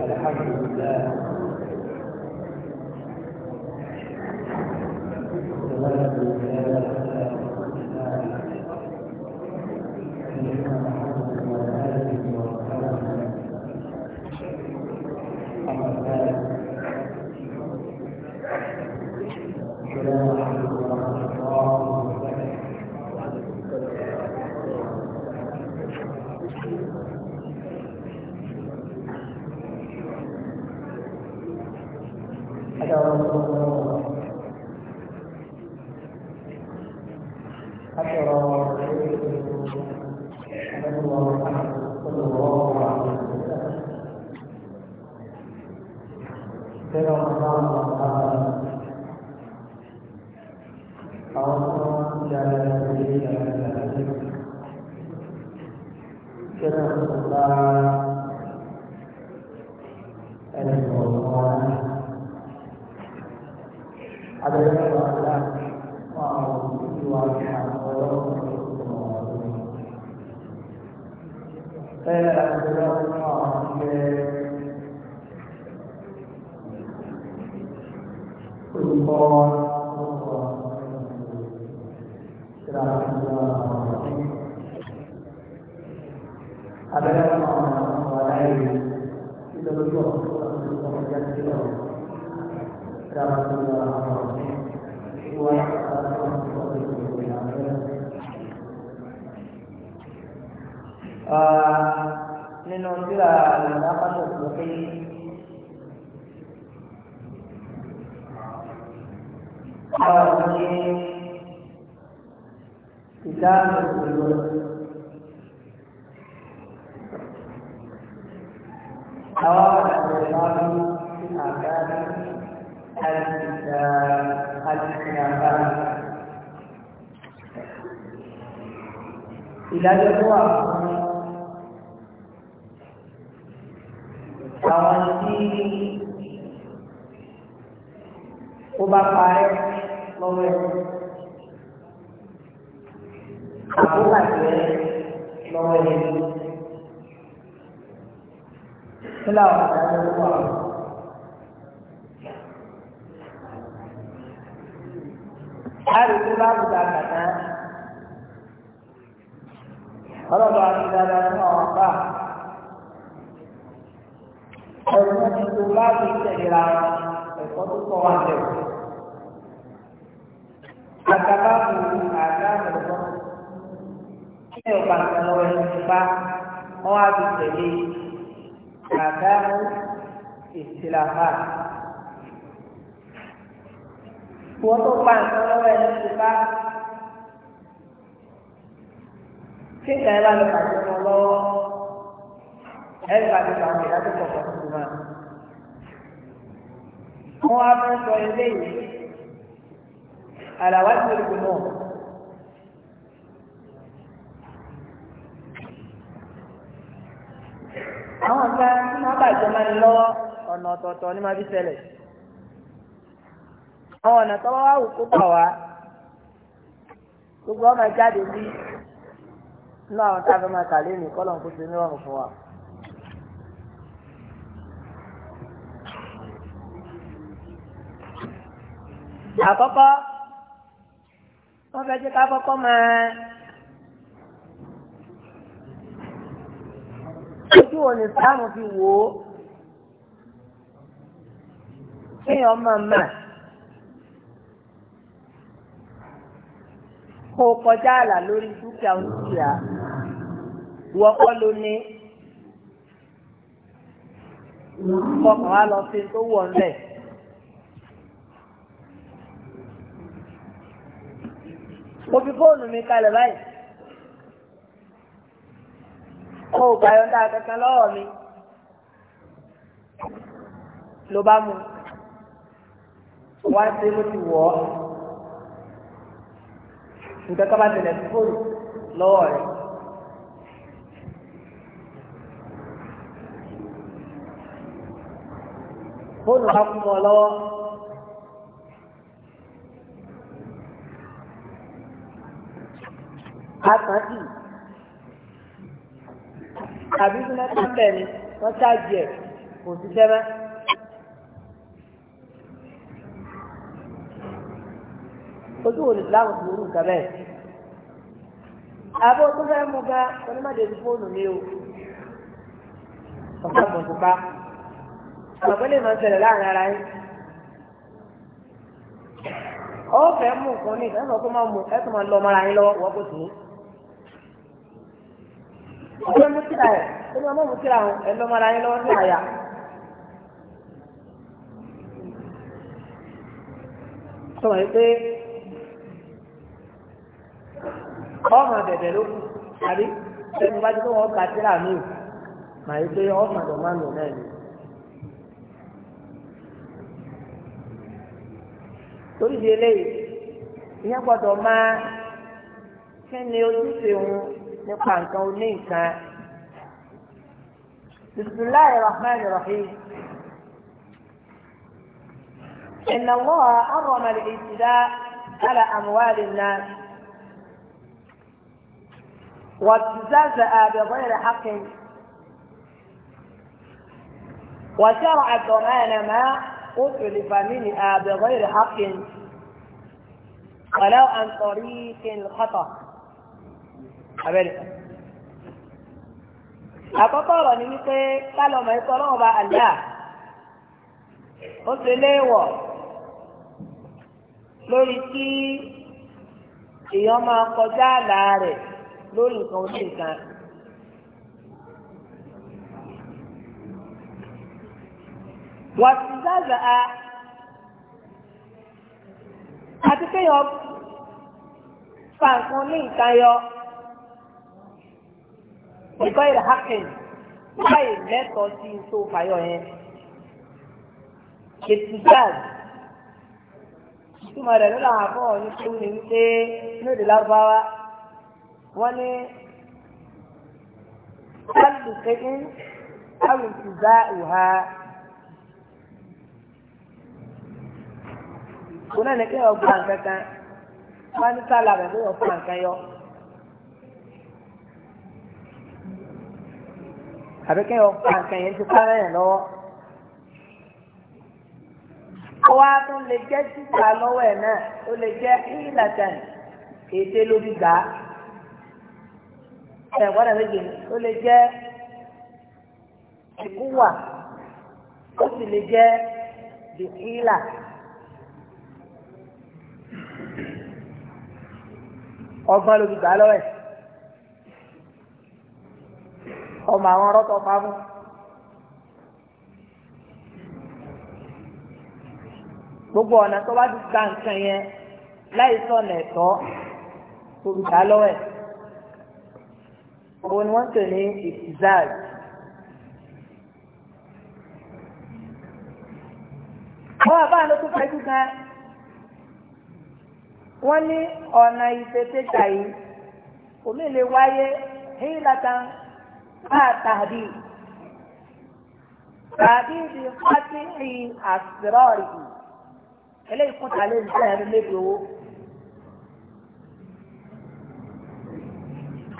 الحمد لله كما قال nínú síra ìlànà pàtàkì pé báwo ni ìdáhùn ìṣòro àwọn àgbẹ̀ máa ń أمام الخلافات ìdájọ́ tó wà fún àwọn tí ó bá parẹ́ lọ́wọ́ ẹ̀ àbúkàtẹ́ lọ́wọ́ ẹ̀ nílà ọ̀gá tó wà fún. láti tó láti gba kàtà ọlọ́dọ̀ àti dada fún àwọn àbá ọdún ti tó láti tẹ̀léra ẹ̀kọ́ tó kọ́ wa jẹ̀ àgbàbá kù àgbà mọ̀tọ́ kí ni ọba nǹkan lọ́wọ́ ẹni ti bá wọ́n á ti tẹ̀lé àgbà mú ìsìlámà wọ́n tó pa nǹkan lọ́wọ́ ẹni tó bá kí ẹ bá lọ pàṣẹ wọn lọ́wọ́ ẹni bá ti pa àwọn ìdájọ́ pọ̀ pọ̀ tuntun náà. wọ́n á fẹ́ sọ ilé yìí àlàwá ti lè gbọ́ náà. àwọn nǹkan tí wọ́n bàjẹ́ máa ń lọ ọ̀nà ọ̀tọ̀ọ̀tọ̀ ní máa fi ṣẹlẹ̀ àwọn ọ̀nà tó wá wù tó bà wá gbogbo ọmọ jáde ní inú àwọn tá a fẹ́ máa kàlé ní kọ́lọ̀ kó ṣe níwọ̀n fún wa. àkọ́kọ́ wọ́n fẹ́ jẹ́ ká kọ́kọ́ máa ojú wo ni sáàmù fi wò ó kéèyàn máa máa. kó kọjá àlà lórí dúkìá oníṣìá ìwọ kọ́ ló ní kọkàn wá lọ sí tó wọ̀ ńlẹ̀. mo fi fóònù mi kalẹ̀ báyìí ó gba yọ̀ǹda kankan lọ́wọ́ mi ló bá mu wá sí mo ti wọ̀ ọ́ nǹkan kan bá tẹ̀lé fóònù lọ́wọ́ rẹ̀. fóònù bá kún ọ lọ́wọ́. àtàntì tàbí sinẹ́tà bẹ̀rẹ̀ wọ́n ṣáàjì ẹ̀ kò sí sẹ́mẹ́. ojú wo ni islam ti bẹ́ẹ̀. àbọ̀ tó fẹ́ mú gan onímọ̀dé fóònù mi o ọ̀pá máa ń láàrin ara yín. fẹ́ mú nǹkan ní ìfẹ́ sọ pé máa mú ẹ tó máa lọ ọmọ yín lọ́wọ́ wọ́n kò mú ẹ̀ ó ní ọmọ mú ẹ̀ lọ́mọ ọmọ bẹ̀bẹ̀ ló kù àbí ẹni bá ti tó wọn kà síra mi màá yí pé ọmọ àdó máa ń lò náà ni. torí di eléyìí ìyẹn gbọ́dọ̀ máa kí ni ojúṣe òun nípa nǹkan oní nǹkan. bisimilahi rahim. وابتزاز بغير حق وشرع الضمان ما أتلف منها بغير حق ولو عن طريق الخطأ أبدا àkọ́kọ́ ọ̀rọ̀ ni wípé kálọ̀mọ̀ ẹ̀kọ́ ọlọ́run bá àlá ó ṣe léèwọ̀ lórí kí èèyàn máa kọjá àlá rẹ̀ lórí nǹkan ojú nǹkan. wàtúndàzà a àti kéèyàn fa nǹkan ní nǹkan yọ ìkọ́ ìlà hakin nígbà yìí lẹ́tọ̀ọ́ sí tó fàyọ yẹn. ètùjáàz ìtumọ̀ rẹ̀ lọ́la àwọn ní kéwù ní wípé ní òde lárúbáwá wọ́n ní kálù kéyìn kálù ti dá ìhà òun náà ní kí ọgbà nǹkan kan wọ́n ní kálù àbẹ̀ ní ọgbà nǹkan yọ. àbí kí ọgbà nǹkan yẹn ti kárẹ̀ yẹn lọ́wọ́. Ọwọ́ atún lè jẹ́ títa lọ́wọ́ ẹ̀ náà, ó lè jẹ́ ìlàjà èdè lórí gbàá ẹ̀wọ́n náà méje ni ó lè jẹ́ ìkúwà ó sì lè jẹ́ bìkílà. ọgbọ́n ló fi gbà lọ́wọ́ ẹ̀ ọmọ àwọn rọ́tọ̀ pa fún. gbogbo ọ̀nà tó bá ti gba nǹkan yẹn láì sọ̀nà ẹ̀tọ́ tó fi gbà lọ́wọ́ ẹ̀ òun ni wọ́n tẹ̀ ní ìtìzáàd wọ́n àbá ló tún fẹ́ dúdá wọ́n ní ọ̀nà ìfẹ́tẹ́ta yìí omi lè wáyé hílatan máa tàbí tàbí ibi pátí àsìrọ́ọ̀rì eléyìí kúta lè ní sẹ́yìn lórí owó.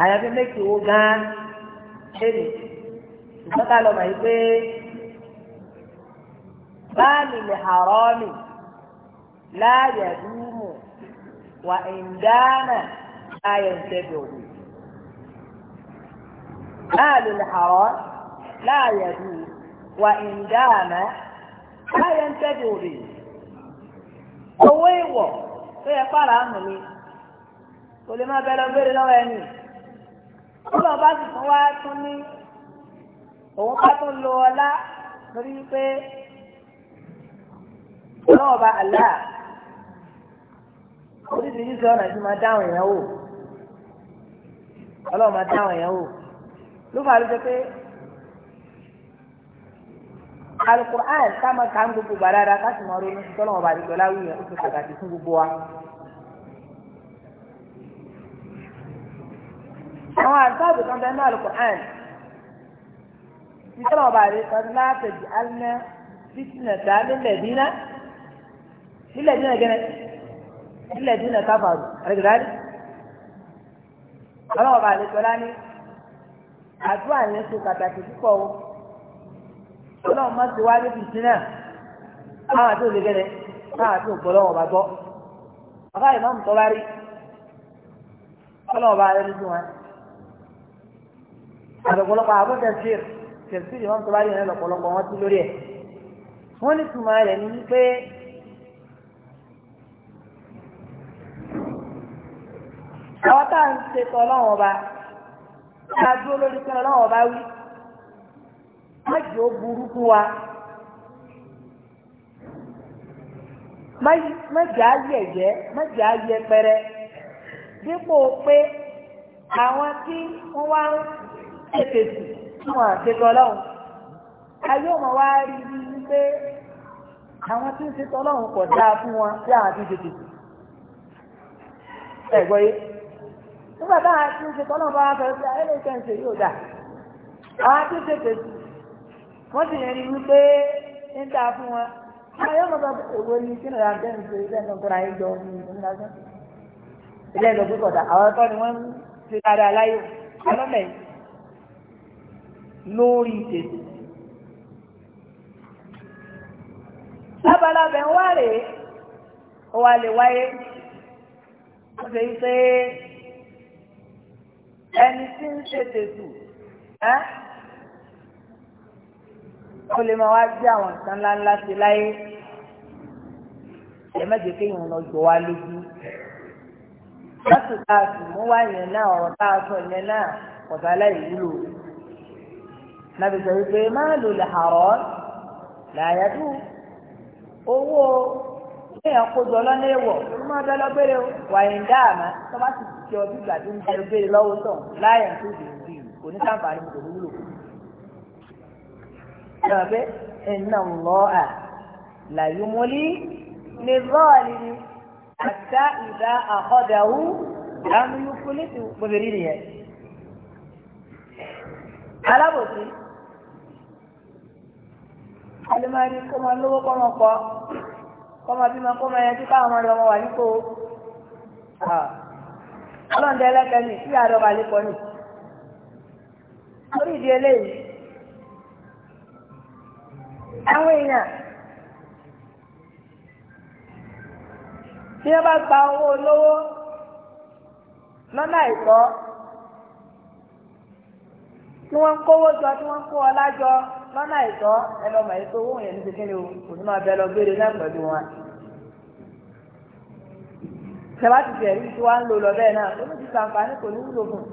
àyàfi méjì wo gan léèrè ìtọ́ka lọ́mọ yìí pé báàmì lè hàrọ́ọ̀mì láàyè dúmù wà ìndáná láàyè ntẹ́bẹ̀ òwe. báàmì lè hàrọ́ọ̀mì láàyè dúmù wà ìndáná láàyè ntẹ́bẹ̀ òwe. owó ìwọ̀ tó yẹ kó àrà ń mú mi kò lè má bẹ́ẹ̀ lọ gbére lọ́wọ́ ẹni ọlọ́run bá sì tún wá tún ní òun bá tún lo ọlá torí pé ọlọ́run bá àlá oríṣiríṣi ọ̀nà tí máa dáhùn èèyàn wò ọlọ́run máa dáhùn èèyàn wò ló fà ló jẹ pé alukur'an ká máa ka ń gbogbo gbàdára ká sì máa ronú sí tọ́lọ́mọba àdìgbọ́lá wíyẹn ó ti pàtàkì fún gbogbo wa. àwọn àlùfáàbù kan bẹ́ẹ̀ náà Al-Qur'an nítorí ọba rẹ kan láti di alẹ́ fitinẹ ta nílẹ̀ dínà nílẹ̀ dínà gẹ́nẹ́ nílẹ̀ dínà káfàrù àrẹ̀gẹ̀dáàdì ọlọ́wọ́ ọba rẹ tọ́lá ní àdúrà yẹn ṣe pàtàkì púpọ̀ o ọlọ́wọ́ má ti wá níbi ìsinà àtọ̀pọ̀lọpọ̀ àbọ̀ tẹ̀síìr tẹ̀síìr ìwọ́n tó bá yẹn lọ́pọ̀lọpọ̀ wọn ti lórí ẹ̀ wọ́n ní tùmọ̀ rẹ̀ ní pé àwọn tá à ń ṣètò ọlọ́run ọba ká dúró lórí pé ọlọ́run ọba wí má jẹ́ ó burú fún wa má jẹ́ ayẹyẹ má jẹ́ ayẹpẹrẹ dípò pé àwọn tí wọ́n wá ń tètè sí wọn ọlọ́run ayé ọmọ wa rí ní pé àwọn tí ń ṣe tọ́lọ́run pọ̀ dáa fún wọn tí àwọn ti tètè sí yé nígbà táwọn tí ń ṣe tọ́lọ́run bá wà fẹ́ sí ń ṣe yóò àwọn tí ń wọ́n sì rí ń dáa fún wọn lórí tètè. lábalábẹ̀ ń wá rèé ó wá lè wáyé ó ṣe pé ẹni tí ń ṣe tètè ó lè máa wá gbé àwọn nǹkan ńláńlá sí láyé ẹ̀mẹ́jẹ kéèyàn lọ jọ wá lójú lọ́sùn tá a sì mú wá yẹn náà ọ̀rọ̀ tá yẹn náà ọ̀dà aláìwúlò rẹ̀ nàbì sọ wípé máa lò lè àrọ́ làyàdù owó kéèyàn kójọ lọ́nà èèwọ̀ ló máa bẹ́ lọ́gbẹ́rẹ́ o wàyí ń dá àmà tó bá sì jọ bí ìgbà tó ń bẹ lọ́gbẹ́rẹ́ lọ́wọ́ tán láyà tó dé bí kò ní sáǹfààní kò ní wúlò. ẹ̀rọ pé iná ń lọ à làyùmọ́lì ní bọ́ọ̀lì ni àtà ìdá àkọ́dàwù àmì ní ti gbòmìnir alábòsí alimari kó máa lówó kọ́ máa pọ̀ kọ́ máa bímọ kó máa yanjú káwọn ọmọdé ọmọ wà nípò ọlọ́ọ̀dẹ ẹlẹ́kẹ̀ẹ́ ní sí àdọ́gba nípò ní. lórí ìdí eléyìí àwọn èèyàn tí wọ́n bá gba owó olówó lọ́nà àìtọ́ tí wọ́n kówó jọ tí wọ́n kó ọlá jọ lọ́nà ìtọ́ ẹnu ọmọ yìí tó owó yẹn níbi kíni kò ní máa bẹ lọ gbére náà pẹ̀lú wọn. ìjọba ti tẹ̀ rí tí wọ́n ń lò lọ bẹ́ẹ̀ náà ó ní ti sàǹfààní kò ní wúlò fún un.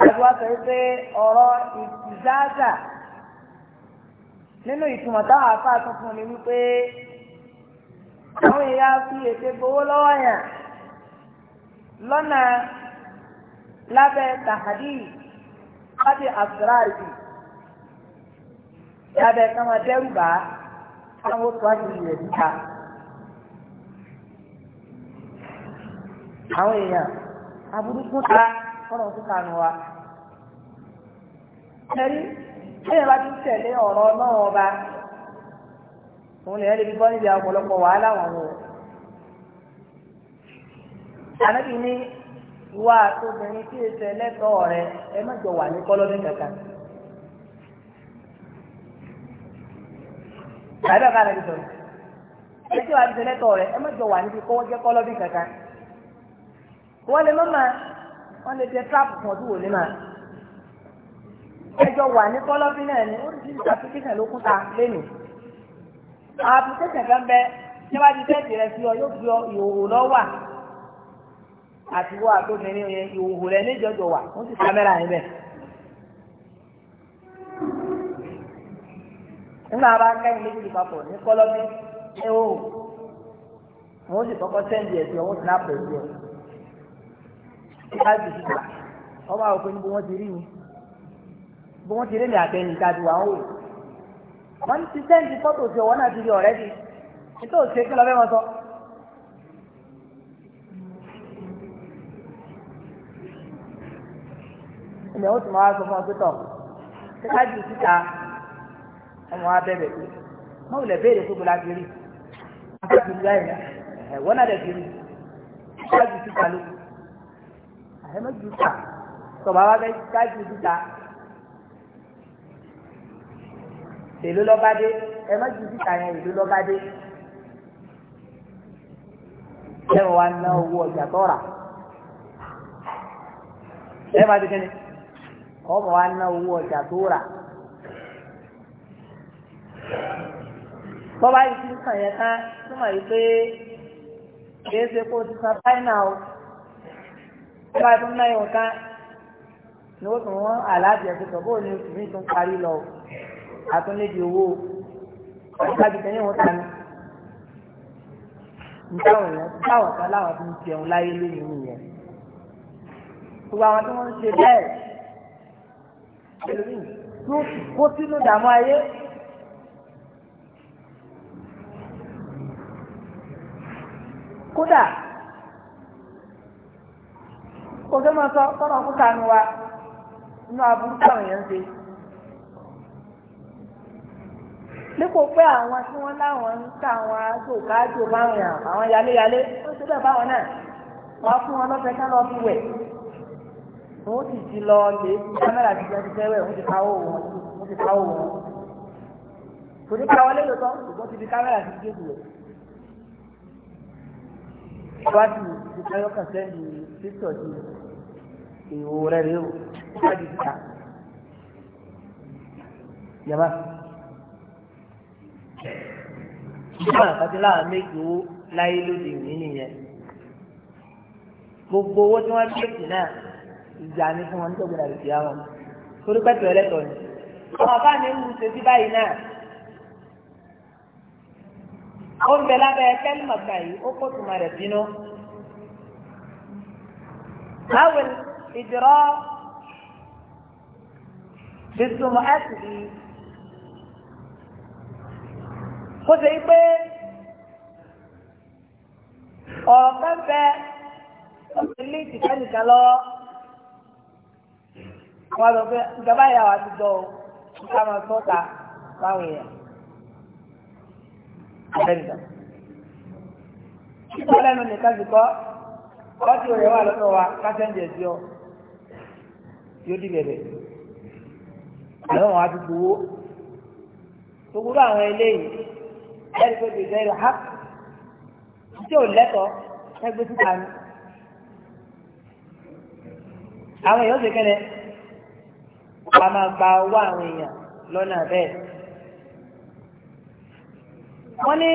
àti wá sọ pé ọ̀rọ̀ ìzáàzà nínú ìtumọ̀ táwọn àfáà tún fún mi wípé àwọn èèyàn fi ète gbowó lọ́wọ́ yàn lọ́nà lábẹ́ tàhádìí. kábí àfúráàdì lábẹ́ ká máa dẹ́rù bá káwọn tó àjòyè rẹ̀ níta. àwọn èèyàn aburúkú ta kọ́nà tó kànú wa. ẹ̀rí bá ti tẹ̀lé ọ̀rọ̀ náà ọba òun lè níbi wàhálà wọn o. ìwà àtòbìnrin tí èsè lẹ́tọ̀ọ́ rẹ ẹ má jọ wà ní kọ́lọ́dún kankan. àbẹ́ bá rẹ̀ sọ̀rọ̀ ẹ tí wà ní sẹ́lẹ̀tọ̀ rẹ ẹ má jọ wà níbi kọ́wọ́ jẹ́ kọ́lọ́dún kankan. wọ́n lè wọ́n lè trap fún ọdún mà. wà ní kọ́lọ́dún náà ni ó application ló kúta lẹ́nu. àwọn application kan bẹ àti wọ́n àtòbìnrin yẹn ìhòòhò rẹ̀ níjọjọ wà wọ́n ti kámẹ́rà yẹn bẹ̀. nígbà bá kẹ́yìn méjì papọ̀ ní kọ́lọ́bí ẹ o wọ́n sì kọ́kọ́ sẹ́ndì ẹ̀ sí ọwọ́ sinapu ẹ̀ sí ọ. káàdì síta wọ́n bá wọ níbo wọ́n ti rí mi bí wọ́n ti rí mi àtẹ̀yìn àwọn wọ́n ti sẹ́ndì fọ́tò sí náà ti rí ọ̀rẹ́ ilẹ̀ ó ti máa sọ fún ọ pé tọ̀ ṣé ká jù síta ọmọ wa bẹ̀rẹ̀ pé mọ́ wùlẹ̀ béèrè tó gbọ́dọ̀ àti rí àti rí láì ẹ̀ wọ́n náà dẹ̀ ti rí ká jù síta ló àhẹ́mọ́ jù síta tọ̀bà wa bẹ́ ká jù síta èló lọ́ba dé ẹ má jù síta yẹn èló lọ́ba dé ẹ wà ná owó ọjà tọ́ra ẹ má ti kẹ́ni ọmọ wa ná owó ọjà tó rà bọ́bá yìí ti ń sàn yẹn tán túmọ̀ yìí pé kìí ṣe kó ti san fáínà o bọ́bá yìí tó ń ná yìí tán ni ó tún wọ́n àlàáfíà tó sọ bóun ni oṣù mi tún parí lọ àtúndéjì owó ìtàgé tẹ̀yìn wọn tani nítawọn yẹn táwọn kan láwọn fi ń jẹun láyé lónìí nìyẹn gbogbo àwọn tí wọ́n ń ṣe bẹ́ẹ̀ ẹlòmíì yóò kó sínú ìdààmú ayé. kódà ọjọ́ máa sọ tọ́nà kúta nu wa inú aburú táwọn èèyàn ṣe. dípò pé àwọn tí wọ́n láwọn ń ta àwọn agbóòkájò báwọn yàn àwọn yaléyalé ó ṣe bẹ́ẹ̀ báwọn náà wọ́n fún wọn lọ́fẹ̀ẹ́ ká lọ́ọ́ fi wẹ̀ wọ́n sì ti lọ lè kámẹ́rà ti jẹ́ ti fẹ́rẹ̀ wọ́n ti káwọ́ wọn wọ́n ti káwọ́ wọn. kò ní káwọ́ lé lóòótọ́ ṣùgbọ́n ti fi kámẹ́rà ti gé jùlọ. ìwádìí ti káyọ́ kàn sẹ́ni píṣọ̀ di ìwò rẹ̀ rèé o ìwádìí ti ta. yàrá ìjọba àkàtì láwọn méjì owó láyé lóde ìwé nìyẹn gbogbo owó tí wọ́n ti èkì náà ìjà ni fún wọn nítorí ìdàgbé ìyá wọn torí pẹ́tù ẹlẹ́tọ̀ ni àwọn àbá mi ń ṣe sí báyìí náà ó ń bẹ lábẹ́ kẹ́lìmọ̀gbà yìí ó kó tuma rẹ̀ bínú. báwo ìdúró bísúmọ̀ ẹ̀sìdì kó ṣe é pé ọ̀rọ̀ kan bẹ ọ̀sẹ̀ lè jìkẹ́ nìkan wọ́n lọ pé ìjọba ìyá wa ti dọ̀ ọ́ ká máa tọ́ ta báwọn èèyàn. Abẹ́nìdà. Títọ́ lẹ́nu nìkan sì kọ́, ọ́tí òye wà lọ́dọ̀ wa pásẹ́ǹjì ẹ̀sì ọ. Yóò di bẹ̀rẹ̀. Àwọn àwọn àti gbowó. Gbogbo àwọn eléyìí, ẹ̀rí pé bèbè rẹ̀ há. Tí ò lẹ́tọ̀ọ́, ẹgbẹ́ síta ni. Àwọn èèyàn ṣe kẹ́lẹ́ a máa gba owó àwọn èèyàn lọ́nà bẹ́ẹ̀. wọ́n ní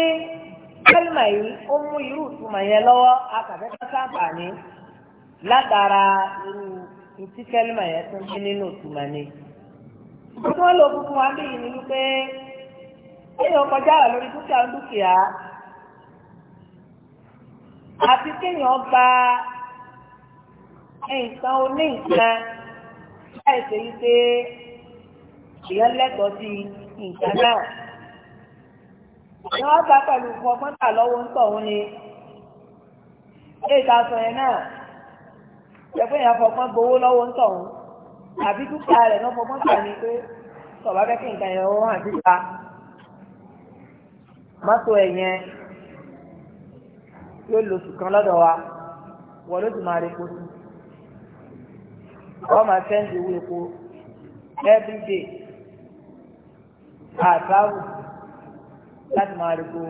kẹ́lìmà yìí ó mú irú ìtumọ̀ yẹn lọ́wọ́ akàfẹ́fẹ́ sábàání látara irú tí kẹ́lìmà yẹn tún bí nínú ìtumọ̀ ni. wọ́n tún lò wa bí ìní wípé èèyàn kọjá wà lórí dúkìá dúkìá àti kéèyàn gba nǹkan oní láì ṣe pé èèyàn lẹ́tọ̀ọ́ sí nǹkan náà ni bá pẹ̀lú ọgbọ́n tà lọ́wọ́ ń tọ̀ òun ni èyí sọ yẹn náà jẹ́ èèyàn fọgbọ́n gbowó lọ́wọ́ ń tọ̀ òun àbí dúkìá rẹ̀ náà fọgbọ́n tà ní pé tọ̀bá fẹ́ kí nǹkan yẹn ó hàn síta mọ́tò ẹ̀ yẹn yóò lòsù kan lọ́dọ̀ wa wọ́n ló sì máa rí kó wọ́n máa sẹ́ńdì owó epo every day àtàwù láti máa rí go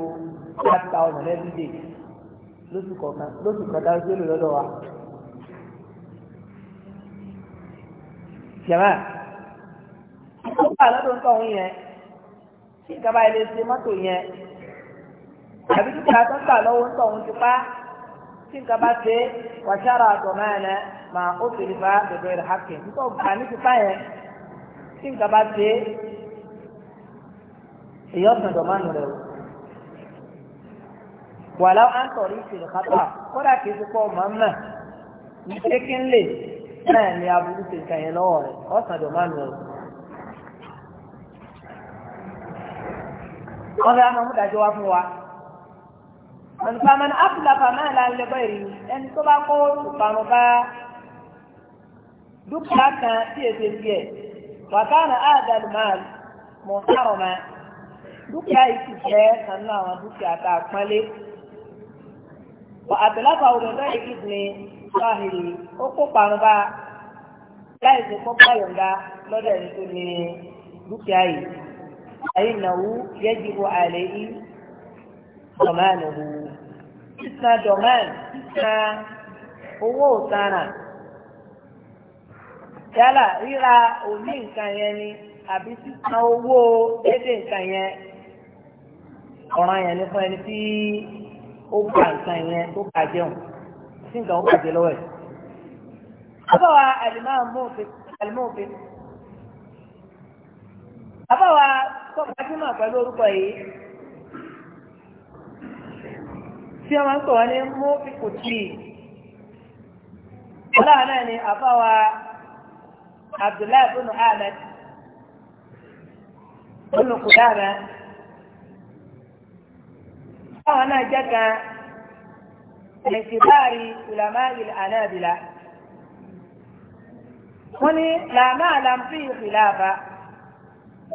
five thousand every day lóṣù kọ̀ọ̀kan lóṣù kọ̀ọ̀kan lóṣù èlò lọ́dọ̀ wa. jẹ̀mọ́ ìkópa lọ́dún tọ̀hún yẹn tí ìjọba ilé ṣe mọ́tò yẹn àbí dúkìá tó ń tà lọ́wọ́ ń tọ̀hún ti pa á. tí nǹkan bá ṣe wàṣára àtọ̀nà ẹ̀ mà ó sì rí fa bèbè rẹ̀ hàkì nítorí ọ̀gbà ní fífa yẹn tí nǹkan bá ṣe èyí ọ̀sán dọ̀mánu rẹ̀ o. wàlá à na na ni aburú ti kàn yẹn lọ́wọ́ rẹ̀ ọ̀sán wọ́n fẹ́ mú dájọ́ wá fún wa. ànfàmàn áfúlàfà náà la lè bẹ̀rẹ̀ ẹni tó bá kó ìparun bá dúkìá kan tí èsì tiẹ̀ wàkàrà áàdàlù máa mọ̀ sárọ̀ máa dúkìá yìí ti jẹ́ kanú àwọn dúkìá tá a pọ́nlé. wà àtẹ̀láfà òdòdó yìí ni sọ́hìrì ó kó ìparun bá láì ṣe kó báyọ̀ǹda lọ́dọ̀ ẹni tó ní dúkìá yìí. àyìnàwó yẹ́jìbò àlẹ́ yìí ọ̀mánìhù. sísan domain sísan owó òtanràn yálà ríra òní nǹkan yẹn ni àbí sísan owó dédé nǹkan yẹn ọ̀ràn yẹn ni fún ẹni tí ó gba nǹkan yẹn tó kà jẹun tí nǹkan ó bàjẹ́ lọ́wọ́ ẹ̀. Àbáwa àlìmọ́ọ̀fẹ́ àbáwa kọ́ bá pẹ̀lú orúkọ yìí. tí wọ́n máa ń pè wọ́n ní mọ́fíkù tíì ọlọ́run náà ni àfáwa abdullahi bin ahmed olùkùdára àwọn náà jẹ́ kan lẹ́sìbáàrí ulama ilẹ̀ anábìlá wọ́n ní làmá àlàmfí ìfìlà àbá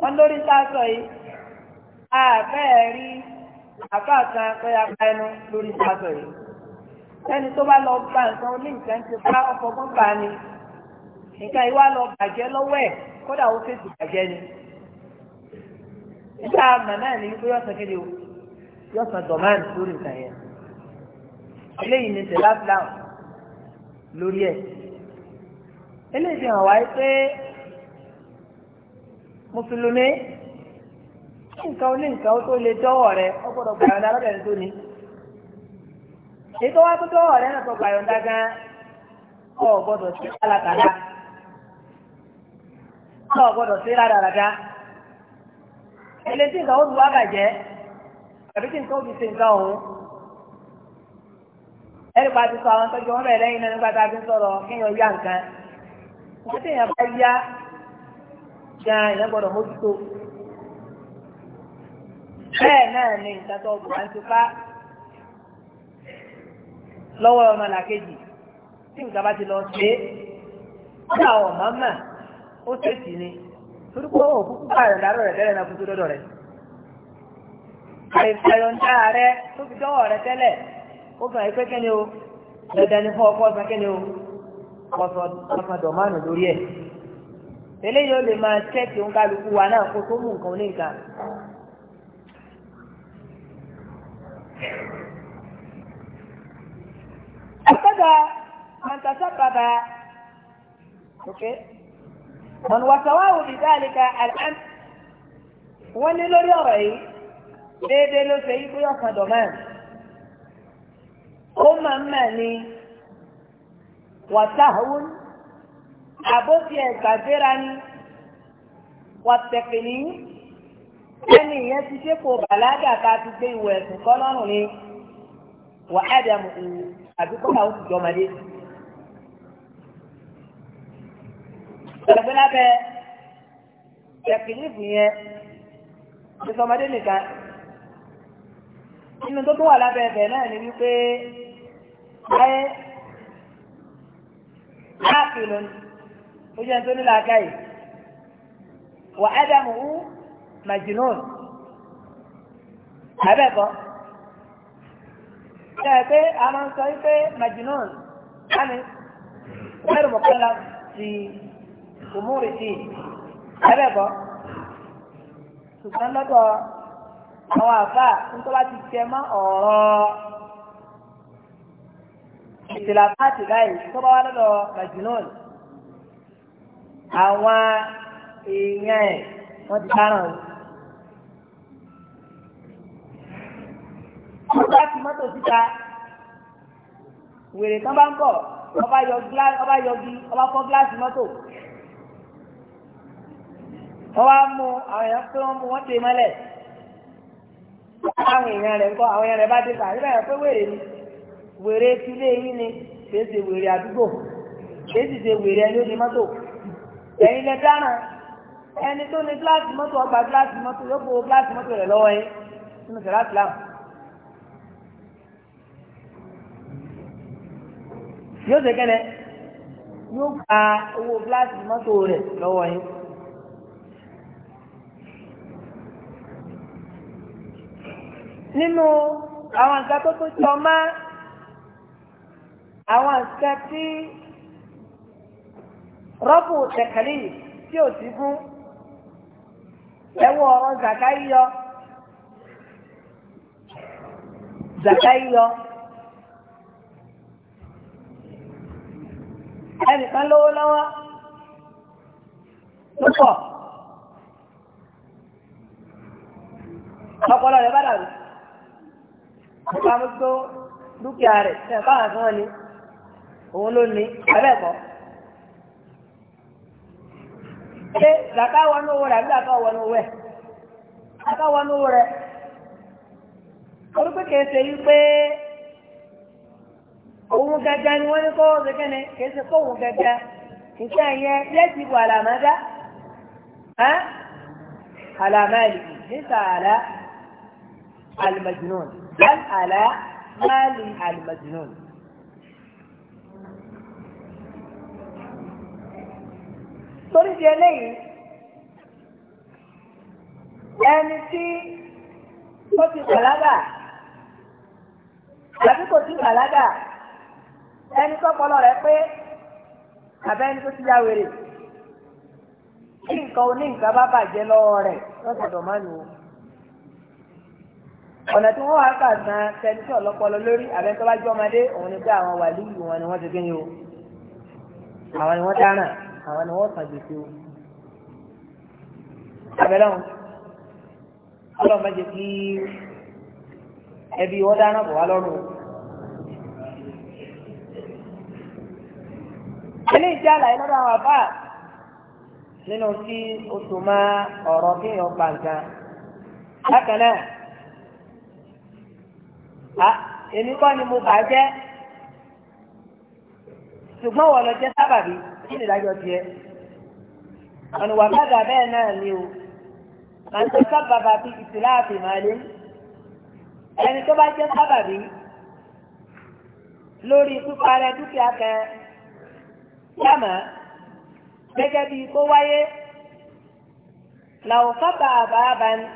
wọ́n lórí sáà sọ yìí àfẹ́ẹ̀rí àkáàtà pé a pa ẹnu lórí ìpàtọ̀ yìí ẹni tó bá lọ gba nǹkan ní nǹkan ti bá ọfọgbọ́n bá ni nǹkan ìwà lọ bàjẹ́ lọ́wọ́ ẹ̀ kódà ó fèsì bàjẹ́ ni nígbà màmá ẹ̀ ní wípé yọ̀sán kéde o yọ̀sán dọ̀mán lórí nǹkan yẹn eléyìí ni tẹ̀lá fúláwọ̀ lórí ẹ̀ eléyìí fi hàn wáyé pé mùsùlùmí. nǹkan ó tó lè dọ́wọ́ rẹ tó ní. ètò tó dọ́wọ́ rẹ náà tó gan sí nǹkan ó ti wá bàjẹ́ tí nǹkan ó ṣe nǹkan òun. pa ti sọ àwọn tọ́jú wọn bẹ̀rẹ̀ lẹ́yìn náà nígbà tá a fi nǹkan. yẹn bá bẹ́ẹ̀ náà ni nǹkan tó bù ń tipa lọ́wọ́ ọmọ làkejì tí bá ti lọ ṣe é ọ̀mọ́ mà ó ṣèṣì ni rẹ̀ tẹ́lẹ̀ náà dọ́dọ̀ rẹ̀. o dandan ni fún ọkọ ọ̀sán kẹ́ni o dọ̀mánù lórí ẹ̀. eléyìí ó lè máa ṣẹ́ẹ̀kì wa náà kó tó mú تسبب اوكي من وسواه بذلك الامر wọ́n ní lórí ọ̀rọ̀ yìí déédéé ló ṣe yí bóyá ọ̀kan dọ̀mọ́ ó máa ń mọ̀ ní wàtáhùn àbótí ẹ̀gbàgbéra ní wàtẹ̀kìní ẹni ìyẹn ti dépò bàlágà ká ti gbé ìwọ̀ ẹ̀sùn kọ́ lọ́rùn ni wà á dàmú àbíkọ́ àwọn òṣìṣẹ́ ọmọdé sí. Ìgbàgbé lábẹ́ tẹ̀kìlìfù yẹn ti sọmọdé nìkan. Inú tó tún wà lábẹ́ ẹ̀bẹ̀ náà ni wípé ayé áàpìlù ó jẹ́ tó nílò àga yìí. Wà Ádámù ú Màjìnún. Àbẹ̀kọ́. Ṣé ẹ pé a máa ń sọ wípé Màjìnún á ní wẹ́rù mọ̀kànlá ti òmùrì sí ẹlẹ́bọ̀ ṣùgbọ́n lọ́dọ̀ àwọn àfà nítorí wá ti jẹ mọ́ ọ̀rọ̀ ìṣẹ̀lẹ̀ àpáàtì báyìí tó bá wá lọ́dọ̀ Majnun àwọn èèyàn ẹ̀ wọ́n ti dáràn o. wọ́n bá fi mọ́tò síta wèrè tán bá ń bọ̀ ọba yọ gíláàsì mọ́tò wọ́n wá mú àwọn èèyàn pé wọ́n mú wọ́n tè mọ́lẹ̀ àwọn èèyàn rẹ̀ ńkọ́ àwọn èèyàn rẹ̀ bá pé wèrè ni wèrè yín ni kìí ṣe wèrè àdúgbò kìí sì ṣe wèrè ẹni ó ní mọ́tò ẹ̀yin lẹ dáná ẹni tó ní gíláàsì mọ́tò ọgbà gíláàsì mọ́tò yóò gíláàsì mọ́tò rẹ̀ lọ́wọ́ yín nínú sẹ̀rá islam yóò ṣe yóò gba owó gíláàsì mọ́tò nínú àwọn nǹkan tó tún jọ mọ́ àwọn nǹkan tí rọ́pù tẹ̀kẹ́lì tí ò sí fún ẹ̀wọ̀ ọ̀rọ̀ zàká yíyọ zàká yíyọ ẹnìkan lówó lọ́wọ́ ló pọ̀ ọpọlọ rẹ̀ bá dàrú ọba mọ́tò dúkìá rẹ̀ ṣe káwọn kan ní òun ló ní abẹ́ẹ̀kọ́. ṣé làkà wọnú owó rẹ̀ àbí làkà wọnú owó ẹ̀ làkà wọnú owó rẹ̀ orúkọ kẹsẹ̀ yìí pé òun gẹ́gẹ́ ni wọ́n ní kó ṣe kẹ́ni kẹsẹ̀ kó òun gẹ́gẹ́ nǹkan yẹn lẹ́sìn ìbò àlàmọ́dá àlàmọ́ àlìkì níta àlà àlìmọ̀jùnú. بل على مال المجنون torí di eléyìí ẹni tí ó ti tàbí kò ti bàlágà ẹni tó kọlọ rẹ pé àbẹ́ni tó ti ya wèrè kí nǹkan oní nǹkan bá bàjẹ́ lọ́wọ́ rẹ̀ lọ́sọ̀dọ̀ máa nù ọ̀nà tí wọ́n wá kà san tẹlifíṣàn lọ́pọlọ lórí àbẹ́ńtọ́ bá jẹ́ ọmọdé òun ni pé àwọn wàlúù wọn ni wọ́n ti kéde o àwọn ni wọ́n dáná àwọn ni wọ́n sàn gbèsè o. àbẹ̀lẹ́wọ̀n ọlọ́run bá jẹ́ kí ẹbí wọ́n dáná bọ̀ wá lọ́rùn o. ilé ìjà àlàyé lọ́dọ̀ àwọn àbá nínú tí o tún máa ọ̀rọ̀ kéèyàn gbàǹkan bákan náà. Ah, èmi kọ́ ni mo bà á jẹ́ ṣùgbọ́n wọ́n lọ jẹ́ sábàbí kí ni ìdájọ́ tiẹ̀ ọ̀nà wà bàbà bẹ́ẹ̀ náà ni o màá tó sábàbà fi ìsìláàfin máa lé ẹni tó bá jẹ́ sábàbí lórí píparẹ́ dúkìá kan yàmà gẹ́gẹ́ bí kó wáyé làwọn sábà àbáàbá ni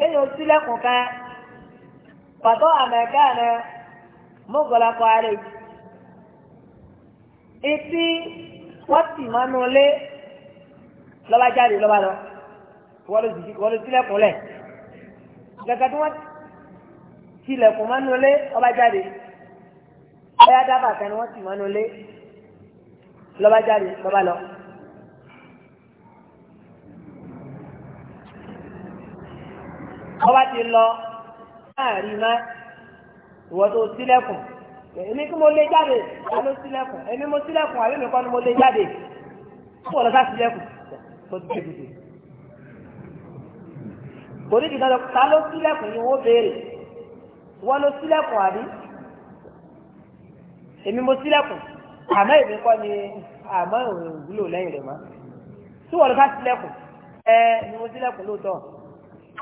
lẹ́yìn oṣù lẹ́kùn kan. فطاع ما كان مغلق عليه etí wọ́n tì máa nu ilé lọ́ba jáde lọ́ba lọ wọ́n lọ jìjì wọ́n lọ tilẹ̀kùn lẹ̀ gẹ́gẹ́ tí wọ́n tilẹ̀kùn máa nu ọba jáde ọ̀yá dábàá kan ni wọ́n tì lọ́ba jáde lọ́ba lọ. ọba ti lọ àárí má ìwọ tó sílẹ̀kùn èmi kí mo lé jáde ta ló sílẹ̀kùn èmi mo sílẹ̀kùn àbí mi kọ́ ni mo lé jáde kó lọ sá sílẹ̀kùn tó ti dìbò kò ní ìdájọ́ ta ló sílẹ̀kùn ni wọ́n béèrè wọ́n ló sílẹ̀kùn àbí èmi mo sílẹ̀kùn àmọ́ èmi kọ́ ni àmọ́ òun ìwúlò lẹ́yìn rẹ̀ mọ́ tí wọ́n sílẹ̀kùn ẹ ni mo sílẹ̀kùn lóòótọ́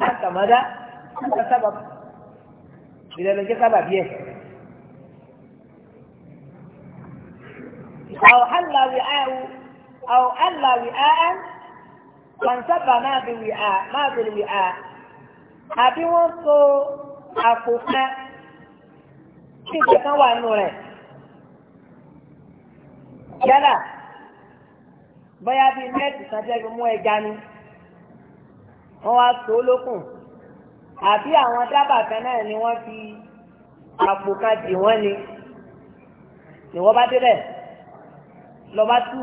àtàmọ́dá àtàsábàbà ìrẹ́ lọ jẹ́ sábàbí ẹ̀. àwọn aláwì àáwù àwọn aláwì àá pàǹsábà máa bí wì àá máa bí wì àá àbí wọ́n so àpò kan tí nǹkan kan wà nù rẹ̀ yálà bóyá bíi mẹ́ẹ̀tì kan tẹ́gun mú ẹja ni wọ́n wá so lókùn àbí àwọn dábàá kan náà ni wọ́n fi àpò kan dì wọ́n ni ni wọ́n bá débẹ̀ lọ bá tú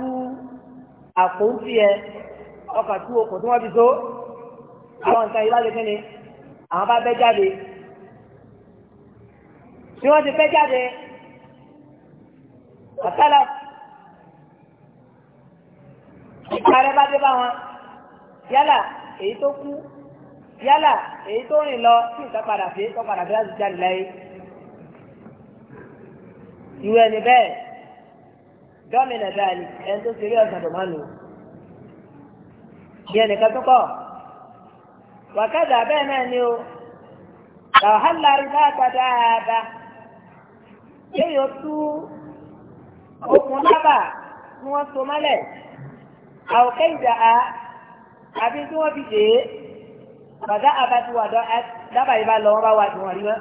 àpò ń fi ẹ ọkà tú okùn tí wọ́n fi so àwọn nǹkan yìí lálẹ́ kínni àwọn bá bẹ́ jáde tí wọ́n ti bẹ́ jáde àtàlà ìparẹ́ bá dé bá wọn yálà èyí tó kú yálà èyí tó rìn lọ tí nǹkan padà fi tó padà fi láti jáde láyé ìwé ẹni bẹ́ẹ̀ dọ́mìnà báyìí ẹni tó ṣeré ọ̀sán tó máa lò bí ẹnìkan tó kọ̀ wàkàtà bẹ́ẹ̀ náà ni o làwàhálà rí bá padà bá kéèyàn tú okùn lábà tí wọ́n so mọ́lẹ̀ àwòkẹ́ ìjà á àbí tí wọ́n fi dè é bàdá àbájú wà dọ́ dábàá yìí bá lọ wọ́n bá wà jù wọ́n rí mọ́.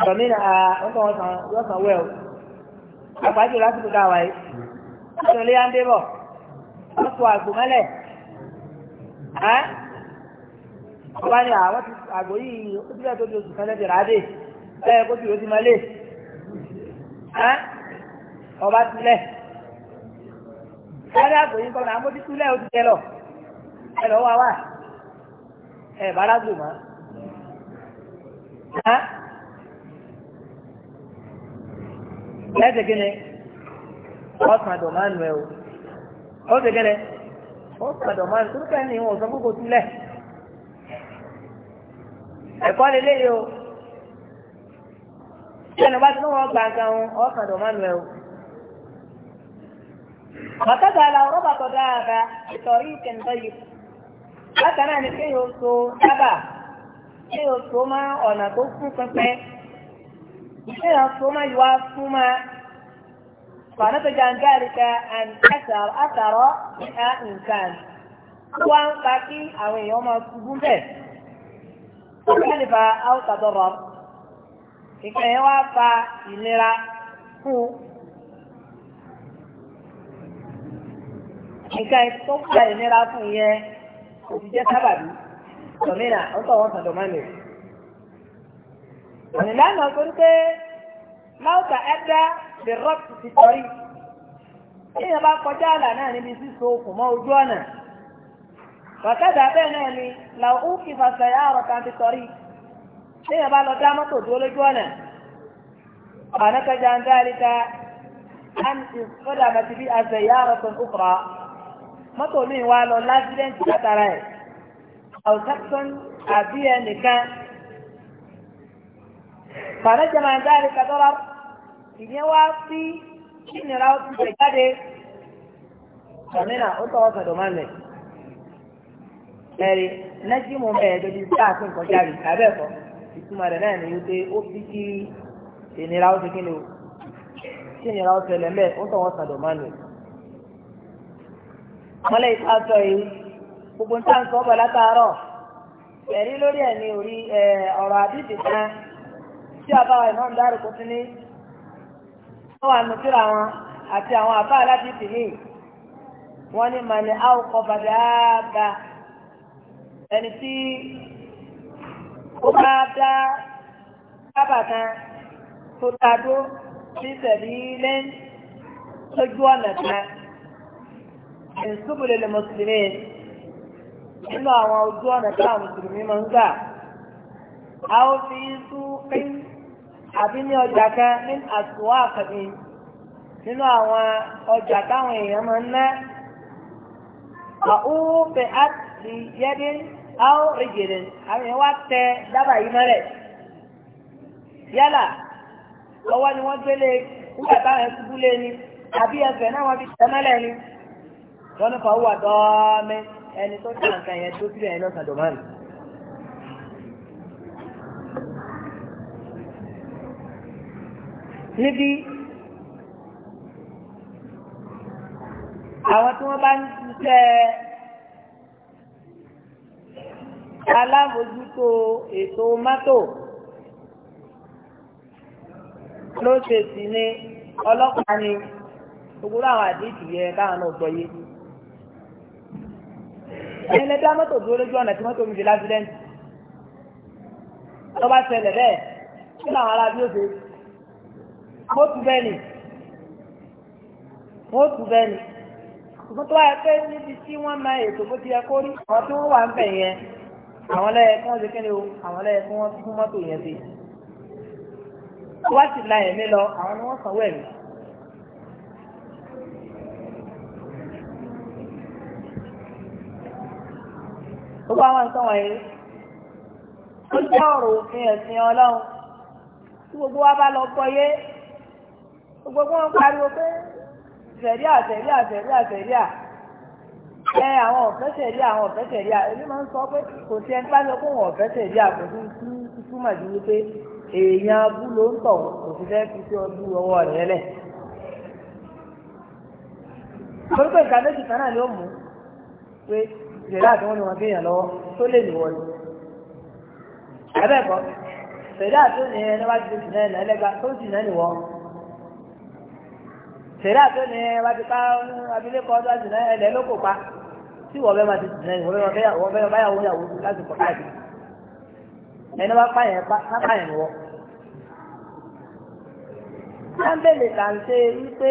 Àbọ̀mí nà ó tọ́ wọn sàn wẹ̀ o. Àpájù lásìkò dá wa yìí. Wọ́n tún lé yándé bọ̀. Wọ́n sọ àgbò ni àwọn ti àgbò yìí ó ti bẹ́ẹ̀ tó di oṣù kan lẹ́tẹ̀rẹ́ adé. Bẹ́ẹ̀ kó tìrò ti máa lè. Ọba tilẹ̀. Ẹ̀rẹ́ àgbò yìí kọ́ ni àmójútúlẹ̀ ó ti jẹ ẹ lọ wá wá ẹ ẹ ṣe kí ni o ó ṣe kí ni ọ̀sán àdọ̀mánu tó dúpẹ́ ní ìwọ̀n ọ̀sán gbogbo túlẹ̀ ẹ̀kọ́ o ẹnu bá ti ní ọ̀sán bákan náà ni kéèyàn ó so sábà kéèyàn ó so ọ̀nà tó kún pẹpẹ kéèyàn so má yọ fún má fàánàtọ̀ jàǹgáàríkà àtàrọ̀ ìhà nǹkan wá ń pa kí àwọn èèyàn máa ṣubú fa fún tó fa fún kò ti jẹ́ sábàbí tọ̀mínà ó tọ̀ wọ́n sọ̀dọ̀ máa nìyí. ìlànà tó ń pé láwùtà ẹ̀dá the rock ti tọ́rí èèyàn bá kọjá àlà náà níbi síso okùn mọ́ ojú ọ̀nà wàkàdà bẹ́ẹ̀ náà ni làwọn òkè fàṣàyà àrọ̀ kan ti tọ́rí èèyàn bá lọ dá mọ́tò dúró lójú ọ̀nà ànákàjà ń dáríta an ìsọdà màtìbí àṣàyà àrọ̀ kan ó fura mọ́tò mi wá lọ lásìdẹ́ǹtì látara ẹ̀ ọ̀sán àbí ẹnìkan fàlẹ́jẹ̀ máa ń dáre kadọ́lá ìyẹn wá sí ìnira ó ti tẹ̀ jáde sàmínà ó tọwọ́ sọ̀dọ̀ máa lẹ̀ ẹ̀rí nẹ́jìmù bẹ́ẹ̀ lórí sáà tó nǹkan jáde abẹ́ẹ̀kọ́ ìtumọ̀ rẹ̀ náà nìyí pé ó fi kí ìnira ó ti kí ni o kí ìnira ó tẹ̀lẹ̀ mẹ́ẹ̀ ó tọwọ́ sọ̀dọ̀ máa lẹ̀ mọ́lẹ̀ ìpàtọ̀ yìí gbogbo nǹkan sọ bọ̀ látàárọ̀ ẹ̀rí lórí ẹ̀ ní orí ọ̀rọ̀ àdìsí kan tí àbáwọ̀ ìmọ̀ ń dárúkọ sí ní wọ́n wà nù síra wọn àti àwọn àbá aládìsí ní wọ́n ní màní àwòkọ́ bàdáàbà ẹni tí ó bá dá kábàkan tó ta dó sí sẹ̀lí lẹ́yìn lójú ọ̀nà kan. من سبل المسلمين nínú àwọn ojú ọ̀nà tí àwọn mùsùlùmí máa ń gbà a ó fi isu pín àbí ní ọjà kan ní àtúwọ́ àkàdé nínú àwọn ọjà táwọn èèyàn máa ń ná àwòfẹ́ àti yẹ́dí àwọn ìjèrè àwọn èèyàn wá tẹ dábàá yìí mọ́lẹ̀ yálà ọwọ́ ni wọ́n gbélé nígbà táwọn ẹ̀kú búlé ni àbí ẹsẹ̀ náà wọ́n fi tẹ̀ mọ́lẹ̀ ni wọ́n ní fàáwà dọ́ọ́mẹ́ ẹni tó ti àǹkà yẹn tó sílẹ̀ ẹni ọ̀sán dọ̀mánì. níbi àwọn tí wọ́n bá ń ṣiṣẹ́ alábòjútó ètò mọ́tò ló ṣe sí ní ọlọ́pàá ni gbogbo àwọn àdéhìí yẹ káwọn náà gbọ́ yé ẹ̀yin lẹ dá mọ́tò dúró lójú ọ̀nà tí mọ́tò mi di lásìdẹ́ǹtì tó bá ṣẹlẹ̀ bẹ́ẹ̀ kí làwọn ará bí ó ṣe mo tù bẹ́ẹ̀ ni mo tù bẹ́ẹ̀ ni ṣùgbọ́n tó wáyé pé níbi tí wọ́n máa ètò bó ti yẹ kó rí àwọn tí wọ́n wà ń bẹ̀ yẹn àwọn lẹ́yẹ kí wọ́n ṣe kéde o àwọn lẹ́yẹ kí wọ́n fún mọ́tò yẹn sí wá sì la ẹ̀mí lọ àwọn ni wọ́n sanwó ẹ̀mí gbogbo àwọn nǹkan wọ̀nyí ó jẹ́ ọ̀rọ̀ òfin ẹ̀sìn ọlọ́run tí gbogbo wa bá lọ gbọ́yé gbogbo wọn pariwo pé sẹ̀ríà sẹ̀ríà sẹ̀ríà sẹ̀ríà ẹ àwọn ọ̀fẹ́ sẹ̀ríà àwọn ọ̀fẹ́ sẹ̀ríà èmi máa ń sọ pé kò sí ẹni bá sọ pé ọ̀fẹ́ sẹ̀ríà kò tún túmọ̀ sí wípé èèyàn abú ló ń tọ̀ kò sì fẹ́ fi sí ọdún ọwọ́ rẹ̀ lẹ̀. torí pé nǹkan méjì kan náà ni ó mú pé ìṣẹ̀lẹ̀ àti wọ́n ni wọ́n gbìyàn lọ́wọ́ tó lè lùwọ́ ni. àbẹ́ẹ̀kọ́ ìṣẹ̀lẹ̀ àti ó ní ẹ lọ́wọ́ ti dìnnà ẹ̀ lẹ́gbà tó dìnnà nìwọ́. ìṣẹ̀lẹ̀ àti ó ní ẹ wá ti ká abilékọ ọdún àti dìnnà ẹ̀ lẹ́lọ́kọ̀ pa tí wọ́n bẹ́ẹ̀ máa ti dìnnà ìwọ́n bẹ́ẹ̀ báyàwó yàwó láti pọ̀ káàkiri. ẹni wá pààyàn pààyàn wọ́. sáńbẹ̀lì kà ń ṣe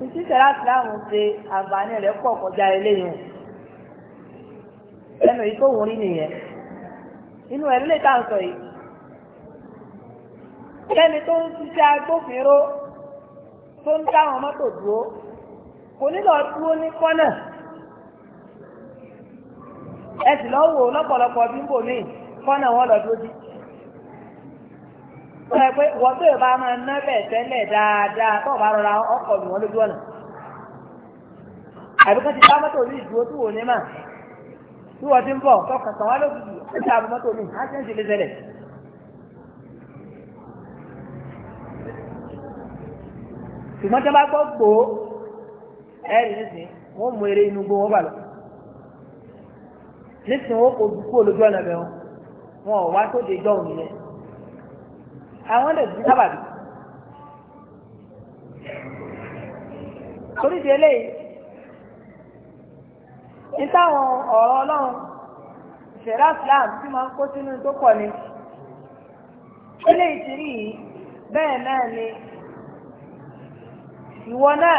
títí sẹ́lá síláàmù ṣe àǹfààní rẹ̀ pọ̀ kọjá eléyìí lẹ́nu yìí tó wọ́n rí nìyẹn inú ẹ̀rí lè tàn sọ yìí kẹ́ni tó ń ṣiṣẹ́ agbófinró tó ń dáhùn mọ́tò dúró kò nílò dúró ní kọ́nà ẹ sì lọ́wọ́ lọ́pọ̀lọpọ̀ bímbò míì kọ́nà wọn lọ dúró dí. ó pé wọ́n tó bá máa ná bẹ̀ tẹ́lẹ̀ dáadáa tó bá rọra ọkọ̀ ìwọ̀n lójú ọ̀nà ti bá mọ́tò ní ìdúró wò ní mà tí wọ́n ti ń bọ̀ tọkàn mọ́tò mi á ti ń ṣe lé ṣùgbọ́n tí wọ́n bá gbọ́ ẹ̀rì nísìnyí wọ́n mú eré inú gbó wọn bà lọ nísìnyí wọ́n kò dúkú olójú ọ̀nà bẹ̀ wọn wọn àwọn lè fi sábàbí. torí di eléyìí ní táwọn ọ̀rọ̀ ọlọ́run ìṣẹ̀dá Islam tí máa ń kó sínú tó pọ̀ ni eléyìí ti rí yìí bẹ́ẹ̀ náà ni ìwọ náà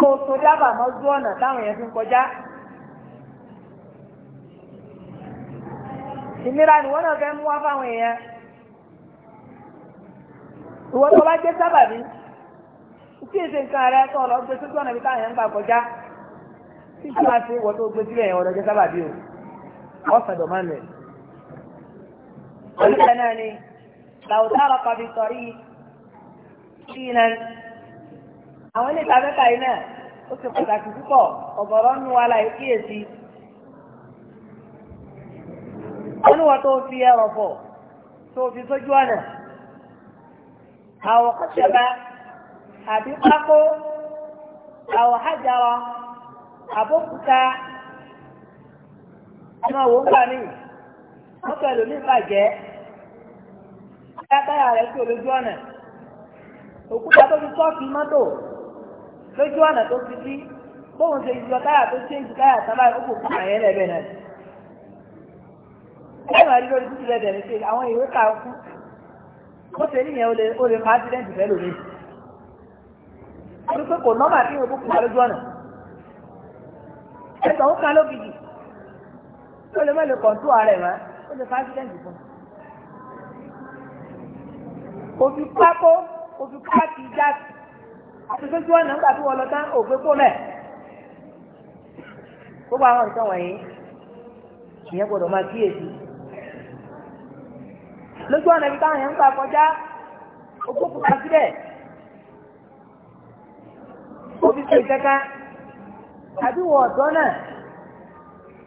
kò tó dábàá mọ́jú ọ̀nà táwọn yẹn fi ń kọjá. ìnira ni wọ́n náà fẹ́ mú wá fáwọn èèyàn ìwọ́n tó bá gbé sábàbí tí èsè nǹkan rẹ tó lọ gbé sójú ọ̀nà ibi táwọn ń gbà kọjá kí wọ́n ṣe ìwọ́n tó gbé sílẹ̀ yẹn wọ́n o wọ́n máa ń lẹ̀. olùkọ́ náà ni làwùtárọ̀ kọ̀bí sọ̀rí kí àwọn ilé ìtafẹ́ta yìí náà ó ti pàtàkì púpọ̀ ọ̀gọ̀rọ̀ ń láì olúwa tó fi ẹrọ̀ fọ̀ tó fi sójú ọ̀nà àwọn kọ́sẹ̀bá àbí pákó àwọn hájára àbókúta ọmọ òwò ń gbà mí wọ́n pẹ̀lú ní ìbàjẹ́ látàyà rẹ̀ sí olójú fi sofi mọ́tò lójú ọ̀nà tó fi sí bóun ṣe yọ táyà tó ṣe ń ju táyà sábà ó náà. ẹ máa rí títí lẹ́dẹ̀ pé àwọn ìwé kà fún ó ṣe níyẹn ó lè máa dídẹ́ǹtì fẹ́ lómi torí pé kò nọ́mà tí ìwé kúkú lójú ọ̀nà ẹ̀sán ó kan lókìkì ó lè mẹ́lẹ̀ kọ̀ǹtù ààrẹ mọ́ ó lè máa dídẹ́ǹtì fún òfin pákó òfin páàkì jáde àti lójú ọ̀nà nígbà tí lọ tán òfin kó mẹ́ gbogbo àwọn nǹkan wọ̀nyí ìyẹn gbọ́dọ̀ máa kíyèsí lójú ọ̀nà ibi táwọn èèyàn ń gbà kọjá ogún kúta òbí ṣe ìkẹta àbí wọ ọ̀dọ́ náà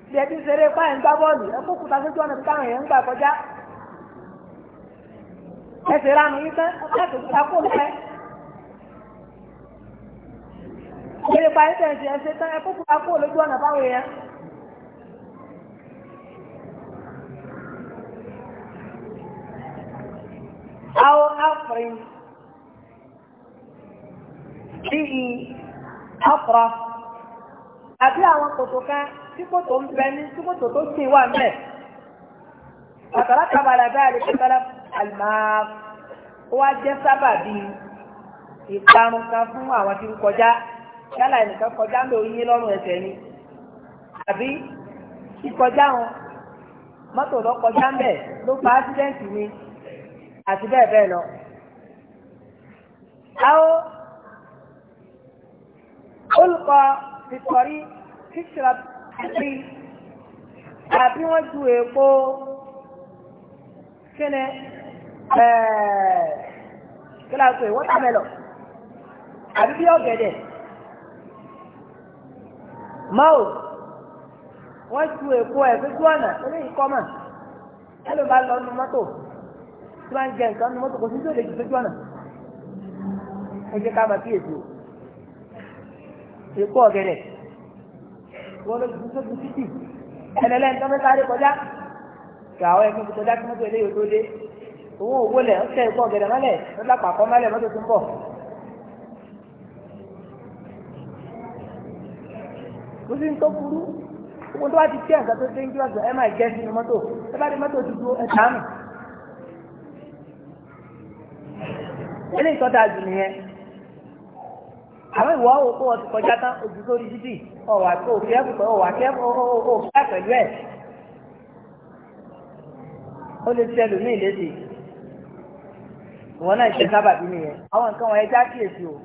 bí ẹbí ṣeré páyà ń gbá bọ́ọ̀lù ẹkún lójú ọ̀nà ibi táwọn èèyàn ń gbà kọjá ẹsẹ̀ ránu yín tán láti òkúta kó lẹ́ ṣeré páyà ń tẹ̀ tán ẹkún kó lójú ọ̀nà báwọn èèyàn. أو أفر به أفرة àbí àwọn kòtò kan tí kòtò ń bẹ ní tí kòtò tó sì wà mẹ́ àtàrà kábàlà báyà lè kẹtàlá àlùmáà wá jẹ́ sábà bí ìparun kan fún àwọn tí ń kọjá yálà ẹnìkan kọjá ń lò yín lọ́rùn ẹsẹ̀ ni àbí ìkọjá wọn mọ́tò lọ kọjá ń bẹ̀ ló fa ásídẹ́ǹtì ni àti bẹ́ẹ̀ bẹ́ẹ̀ lọ. àwọn olùkọ́ ti kọ̀rí kíkìlá àti àbí wọ́n ju èèpo kíni kíláàsì wọ́tàmẹ́lọ̀ àbí bí ọ̀gẹ̀dẹ̀ máwò wọ́n ju èèpo ẹ̀ fíjú ọ̀nà oníyìnkọ́mà ẹlòmíràn lọ́nu mọ́tò tí wọ́n ń jẹ nǹkan ní mọ́tò kò sí sóde jù sójú ọ̀nà ẹ jẹ́ ká máa kíyèsí o èkó ọ̀gẹ̀dẹ̀ wọ́n lọ jù sójú títì ẹ̀lẹ́lẹ́ nǹkan fẹ́ sáré kọjá gàwọ́ ẹ̀kún fi kọjá kí mọ́tò eléyìí tó dé owó òwò lẹ̀ ọ̀sẹ̀ èkó ọ̀gẹ̀dẹ̀ mọ́lẹ̀ lọ́lápàkọ́ mọ́lẹ̀ mọ́tò tó ń bọ̀ kò sí ní tó burú owó tó wá ti tí àgbà tó dé ń gbé ẹ máa jẹ́ sínú mọ́tò ẹ bá dé mọ́tò dúdú ẹ̀ sàánù ilé ìtọ́ta jù nìyẹn àwọn ìwọ wo kó wọn ti kọjá tán ojú sórí títì ọwà tó òfin ẹ̀fù pẹ̀ ọwà kẹ́fù ọwà pẹ̀lú ẹ̀ ó lè ṣe ẹlòmíì léṣe ìwọ náà ṣe sábàbí nìyẹn àwọn nǹkan wọn ẹja kíyèsí o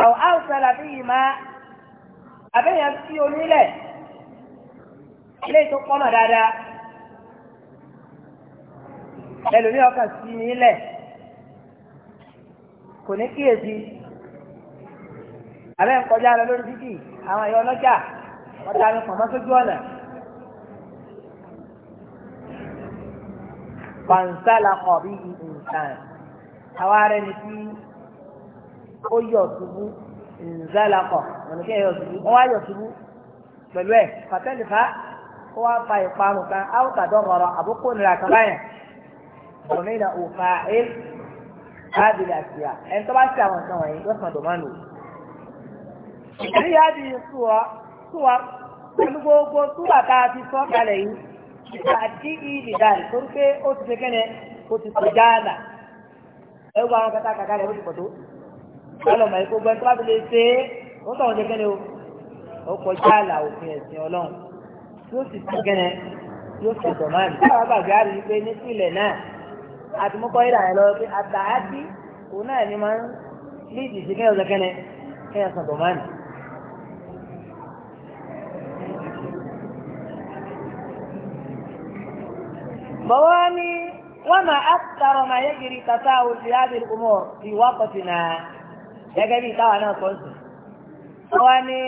àwọn àwùjọ làbí yìí máa àbẹ̀yàn sí onílẹ̀ ilé tó pọ́nmọ̀ dáadáa ẹlòmíì ọkàn sí nílẹ̀ kò ní kíyèsí abẹ́ ń kọjá lọ lórí títì àwọn ẹ̀yọ́ ọlọ́jà ọ̀tá ni pọ̀ mọ́sójú ọ̀nà. pàǹsálà ọ̀bí nǹkan àwa rẹ̀ ni kí ó yọ̀ ṣubú nzálakọ̀ ọ̀nà kí ẹ yọ̀ ṣubú ọwọ́ ayọ̀ ṣubú pẹ̀lú ẹ̀ pàtẹ́lì fa ó wá fa ìparun kan áwùkàdọ́ ọ̀rọ̀ àbókò nira kan báyẹn ọ̀nà ìlà òfà ẹ̀ ábìlì àṣìyà ẹni tó bá ṣe àwọn nǹkan wọ̀nyí yóò san dòmánù. ìdíyà di sùwọ́ sùwọ́ pẹ̀lú gbogbo sùwà tá a ti sọ kalẹ̀ yìí àti ìdí dàrí torí pé ó ti ṣe kẹ́nẹ̀ ó ti ṣe dáàlà ẹ wọ àwọn kata kàkà rẹ̀ ó ti pọ̀ tó. ọlọ́mọ yìí gbogbo ẹni tó bá ti lè ṣe é ó sọ̀rọ̀ ṣe kẹ́nẹ̀ o ó kọjá àlà òfin ẹ̀sìn ọlọ́run yóò sì ṣe kẹ́nẹ̀ yóò ṣe dòmánù àti mú kọ́ ìdá yẹn lọ pé àtàádì òun náà ni máa ń ní ìdìsí kí ọ̀sẹ̀ kẹ́nẹ kí ọ̀sẹ̀ bọ̀ máa nì. ni wọ́n máa àtàrọ̀ máa yẹ kiri tata òsì ábìrì kùmọ̀ ìwà kọ̀tì náà gẹ́gẹ́ bí ìtawà náà kọ́ sí. wọ́n ní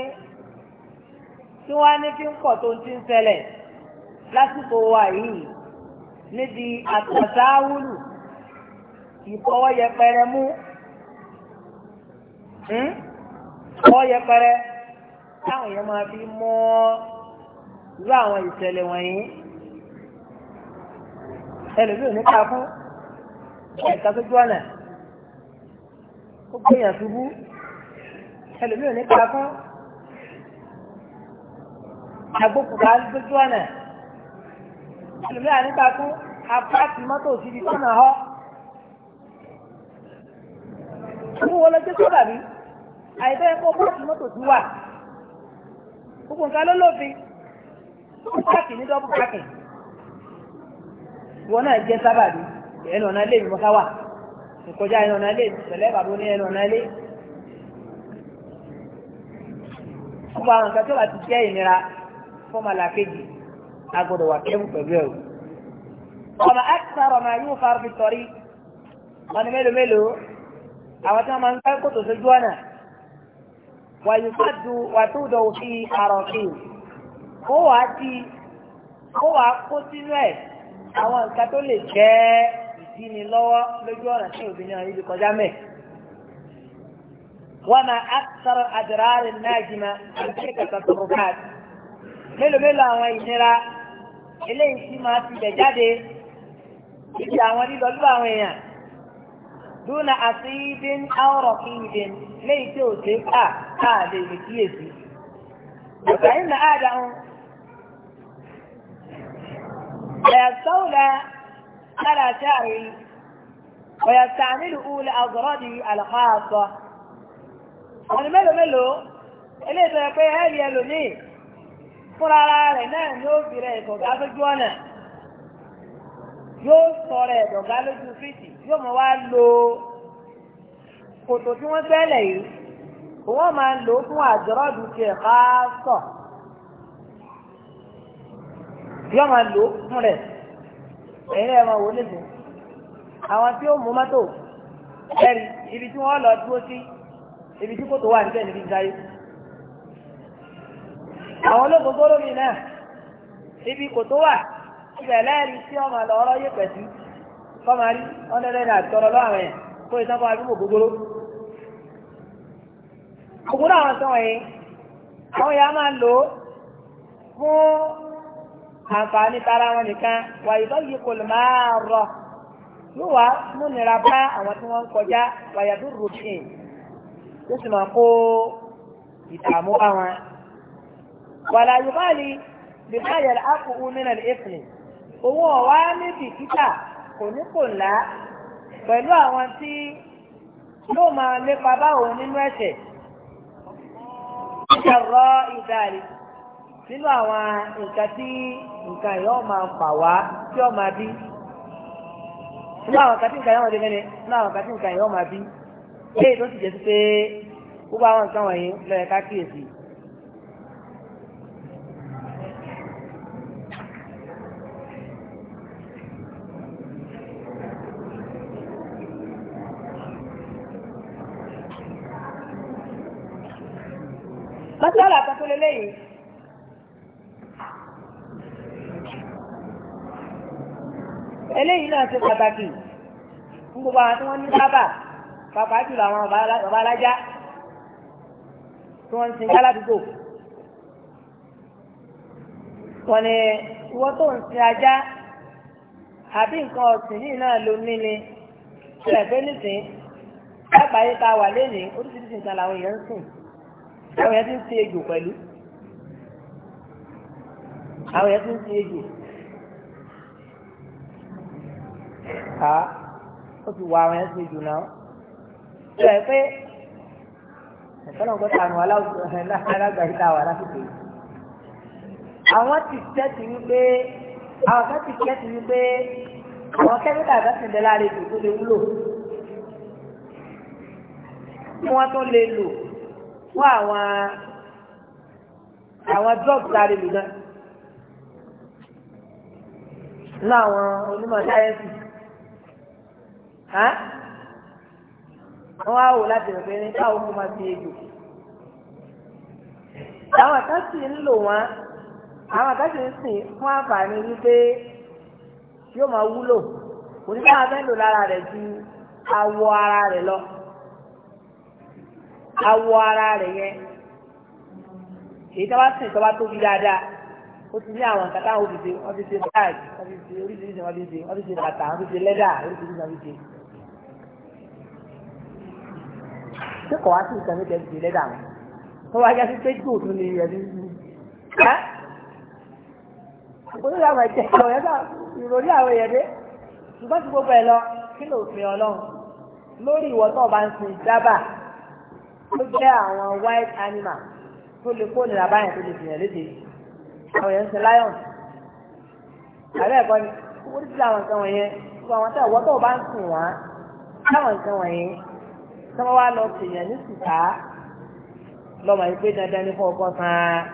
tí wọ́n á ní kí ń pọ̀ tó ti ń ṣẹlẹ̀ lásìkò wa yìí níbi àtàtàwùlù ìfọwọ́ yẹpẹrẹ mú hmm? ọwọ́ yẹpẹrẹ táwọn èèyàn máa fi mú irú àwọn ìṣẹ̀lẹ̀ wọ̀nyí ẹlòmíràn nípa fún ẹ̀ka sójú ọ̀nà ó gbéyàn ṣubú ẹlòmíràn nípa fún agbókùnrin sójú ọ̀nà ẹlòmíà nígbà tó apáàtì mọ́tò síbi tọ́nà họ. Fún wo lọ́jọ́ tó dàbí? Àìbẹ́ kó páàtì mọ́tò ti wà. Gbogbo nǹkan ló lófin. Páàkì ní dọ́bù páàkì. Ìwọ náà jẹ́ sábàbí. Ẹnu ọ̀nà ilé ìmọ̀ ká wà. Ìkọjá ẹnu ọ̀nà ilé ìṣẹ̀lẹ̀ bàbá ní ẹnu ọ̀nà ilé. Gbogbo àwọn nǹkan tó bá ti jẹ́ ìnira fọ́mọ̀lá kejì agbọ́dọ̀ wà kẹ́mù pẹ̀lú ẹ̀rù. ọ̀nà akthar ma yukhar fi tariq ọ̀nà mélòó mélòó àwọn tí wọ́n máa ń gbá kòtò sójú ọ̀nà wà yóò fà ju wà tó dọ̀ fi àrọ̀ fi ó wà á di ó wà á kó sínú ẹ̀ àwọn nǹkan tó lè jẹ́ ìdíni lọ́wọ́ lójú ọ̀nà tí obìnrin náà yìí kọjá mẹ́. wọ́n máa akthar adrar an-najma àti kẹ̀kẹ́ tó rọ̀ káàdì mélòó mélòó àwọn ìnira eléyìí tí máa ti bẹ̀ jáde ibi àwọn lílọ́lú àwọn èèyàn dúnà àti ìdín áwọ̀rọ̀ kí ìdín léyìí tí ò ṣe kà káà lè lè kíyèsí. Ìgbàyìn náà àdáhùn. Ẹ̀yàsọ́wùlà lára ṣáàrí ọ̀yàsàmìlì ulẹ̀ àgọ́rọ́dì àlùkọ́ àṣọ. Ọ̀nà mélòó mélòó eléyìí tó yẹ pé ẹ̀rí ẹlòmíì fúnra ara rẹ̀ náà ni ó fi rẹ̀ ìkọ̀gá lójú ọ̀nà yóò sọ rẹ̀ ìdọ̀gá lójú fíìtì yóò mọ̀ wá lo kòtò tí wọ́n gbẹ́lẹ̀ yìí wọ́n máa ń lò ó fún àjọrọ́dù ti ẹ̀ka sọ yóò máa lò ó fún rẹ̀ ẹ̀yìn ẹ̀ máa wò nílùú àwọn tí ó mú mọ́tò ẹ̀rí ibi tí wọ́n lọ dúró sí ibi tí kòtò wà níbẹ̀ níbi ìdáyé àwọn olóògùn tó lómi náà ibi kò tó wà ibẹ̀ lẹ́ẹ̀rí sí ọmọ lọ́rọ́ yé pẹ̀sí kọ́mari ọ̀nẹ́dẹ́dẹ́ àtọrọ lọ́wọ́ yẹn kó ìsọ́kọ́ àdúgbò gbogbo. ògùn àwọn sọ wọ̀nyí àwọn ya máa lò ó fún àǹfààní tara wọn nìkan wà ìdọ́yìí kò lè máa rọ yóò wá mú nira bá àwọn tí wọ́n ń kọjá wàyà tó rò kí n tó sì máa kó ìdààmú bá wọn wàlá yubali bíbá yẹlẹ àkùkù nínú ìfìlẹ̀ òun ọ̀wá níbi kíkà kò ní kò ńlá pẹ̀lú àwọn tí yóò máa lépa báwo nínú ẹ̀ṣẹ̀ ìṣòro ìdarí nínú àwọn nǹkan tí nǹkan yóò máa fà wá tí ó máa bí nínú àwọn nǹkan tí nǹkan yóò máa bí mẹ́rin nínú àwọn nǹkan tí nǹkan yóò máa bí léyìí tó sì jẹ́ pé gbogbo àwọn nǹkan wọ̀nyí lọ́yẹ̀ká kíyèsí. eléyìí eléyìí náà ṣe pàtàkì fún gbogbo àwọn tí wọ́n ní sábà pàápàá jùlọ àwọn ọba alájá tí wọ́n ń sin jáládùúgbò wọ́n ní ìwọ tó ń sin ajá àbí nǹkan ọ̀sìn yìí náà ló ní ni ṣẹlẹ̀ pé nísìn lágbàáyé tá a wà lénìí oríṣiríṣi nǹkan làwọn èèyàn ń sìn àwọn èèyàn ti ń sin ejò pẹ̀lú àwọn yẹn tún ti ejò ká ó ti wọ àwọn yẹn tún ejò náà ó yẹ pé ẹ̀fọ́nà gbọ́dọ̀ àwọn aláwùjọ alágbàáyé tá a wà lásìkò yìí àwọn ti tẹ́tì wípé àwọn kan ti tẹ́tì wípé àwọn kẹ́míkà kan ti bẹ lára ètò tó lè wúlò kí wọ́n tó lè lò fún àwọn àwọn drugs lára ètò náà láwọn onímọ̀ sáyẹ́ǹsì wọ́n á wò láti rẹ̀ pé ní káwọn kó máa fi ejò àwọn àtàkì ń lò wọ́n àwọn àtàkì ń sìn fún àǹfààní wípé yóò máa wúlò oníkàwọn fẹ́ lò lára rẹ̀ ju awọ ara rẹ̀ lọ awọ ara rẹ̀ yẹn èyí tó bá sìn tó bá tóbi dáadáa. ó ti ní àwọn nǹkan táwọn òfìsè wọn fi ṣe báàgì wọn fi ṣe oríṣiríṣi wọn fi ṣe wọn fi ṣe bàtà wọn fi ṣe lẹ́dà oríṣiríṣi wọn fi ṣe. ṣé kò wá sí nǹkan méjì ẹbí ṣe lẹ́dà wọn tó wá sí òtún ni ń àwọn àwọn èèyàn ń sin lion àbẹ́ ẹ̀kọ́ ni wọ́n ti àwọn nǹkan wọ̀nyẹn gbogbo àwọn tẹ̀ wọ́n bá ń sùn wá láwọn nǹkan wọ̀nyẹn tí wọ́n lọ sèèyàn ní sùtá lọ́mọ yìí pé dandan ní fún ọkọ san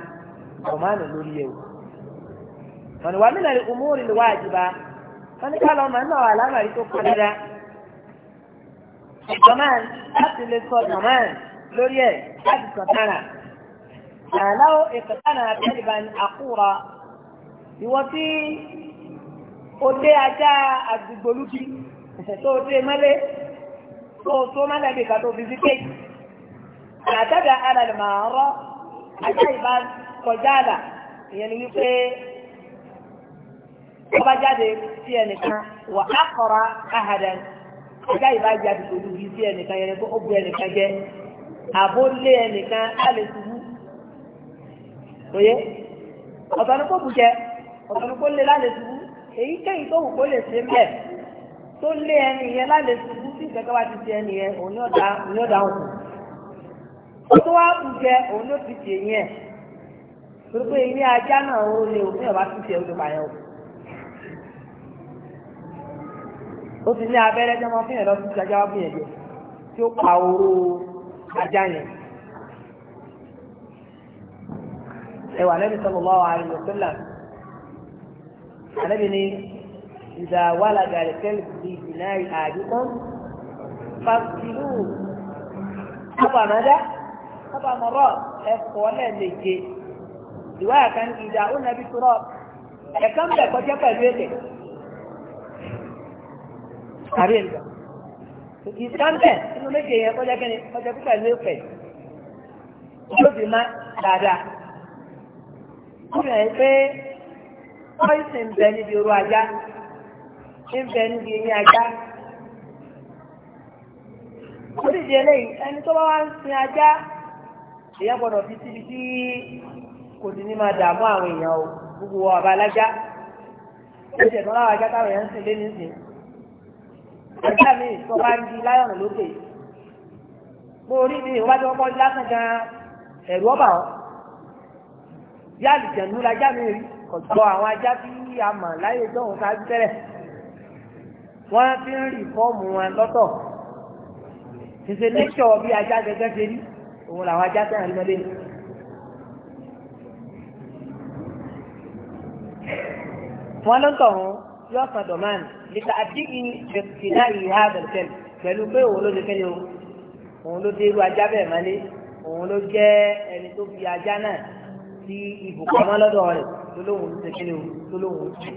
lórí ẹ̀ o ọ̀nà wàmí nàlẹ́ umúrì lè wá àjùbá wọ́n ní ká lọ́ọ́ màá náà wà lámàrí tó kọ́ dáadáa ìjọba láti lè sọ ìjọba lórí ẹ̀ láti sọ̀tara àláwọ̀ ìkàtànà kẹ́lìbàn àkúra ìwọ́n tí ó dé ajá àdìgbòlùkì tó dé mọ́lé tó tó mọ́lẹ̀ bí kàtó fìsíkè àtàdà alàlẹ̀ màá rọ́ ajá ìbá kọjá àlà ìyẹn ni wípé ọba jáde sí ẹnìkan wà á kọ̀ra àhàdà ajá ìbá jáde pẹ̀lú bí sí ẹnìkan yẹn ni kó ó bu ẹnìkan jẹ àbó lé ẹnìkan á lè tùwú Oye yẹ ọ̀tọ̀ ni kò bù jẹ ọ̀tọ̀ kò lé lálẹ́ ṣubú èyíkéyìí tó wù kó lè ṣe mẹ́ẹ̀ tó lé ẹni yẹn lálẹ́ tí ti ṣe ẹni yẹn òun ni ó dáhùn kù ó onye wá bù jẹ òun ni ti ṣe yẹn torí pé ajá náà ó lè òfin ti ṣe ti ní abẹ́rẹ́ ẹwà nẹ́bí sallallahu alaihi wasallam ànẹ́bí ni ìdá wà lágàrí kẹ́lìbì ìná àdúgbò fàkìlù àbàmọ́dá àbàmọ́rọ̀ ẹ̀fọ́ lẹ́ẹ̀méje ìwà kan ìdá ó nàbí tọrọ ẹ̀ka ń bẹ̀ kọjá pẹ̀lú èdè àrí ẹ̀dọ̀ ìsáńbẹ̀ inú méje yẹn kọjá kẹ́ni kọjá pẹ̀lú èpè yóò fi má dáadáa ó rẹ̀ pé pọ́ìsì ń bẹ níbi orú ajá ń bẹ níbi eyín ajá ó dìde eléyìí ẹni tó bá wá ń sin ajá èèyàn gbọ́dọ̀ fi síbi tí kò sí ní máa dààmú àwọn èèyàn o gbogbo wa ọba alájá ó ṣe ìtàn láwọn ajá táwọn èèyàn ń sìn lé nísìn ajá mi tó bá ń di láyọ̀nù lókè mo rí mi ìwádìí ọkọ̀ lásán gan ẹ̀rú ọ̀bà ọ́ bí àlùjẹ̀nu lajá mi rí ọ̀dọ́ àwọn ajá bí a mọ̀ láyé tọ́hún ṣáájú tẹ́lẹ̀ wọ́n fi ń rí fọ́ọ̀mù wọn lọ́tọ̀ ṣèṣe lẹ́kṣọ̀ bí ajá gẹ́gẹ́ ṣe rí òun làwọn ajá sẹ́yìn lọ́lé. wọ́n ló ń tọ̀ wọ́n yóò san dọ̀mán nípa àdìgì ìdá ìhà àbẹ̀tẹ̀lì pẹ̀lú pé òun ló lè fẹ́ o òun ló dé irú ajá bẹ́ẹ̀ mọ́lé òun ló jẹ́ ẹni tó fi ajá náà sí ibùkọ́mọ́ lọ́dọ̀ rẹ̀ tó lóun ṣe kí ni o tó lóun ṣe.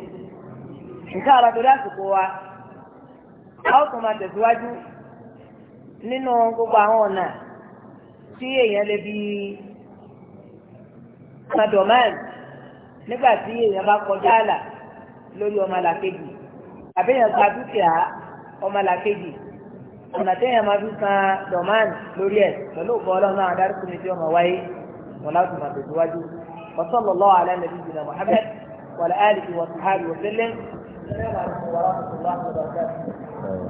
nǹkan àrà torí àsìkò wa a ó tún máa tẹ̀síwájú nínú gbogbo àwọn ọ̀nà tí èèyàn lè fi madoman nígbà tí èèyàn bá kọjá àlà lórí ọmọlàkejì àbí èèyàn gba dúkìá ọmọlàkejì ọ̀nà téèyàn máa fi san dọ̀mán lórí ẹ̀ pẹ̀lú ògbọ́ ọlọ́run àwọn tí ọmọ wáyé wọn láti máa tẹ̀síwájú. وصلى الله على نبينا محمد وعلى اله وصحبه وسلم السلام عليكم ورحمه الله وبركاته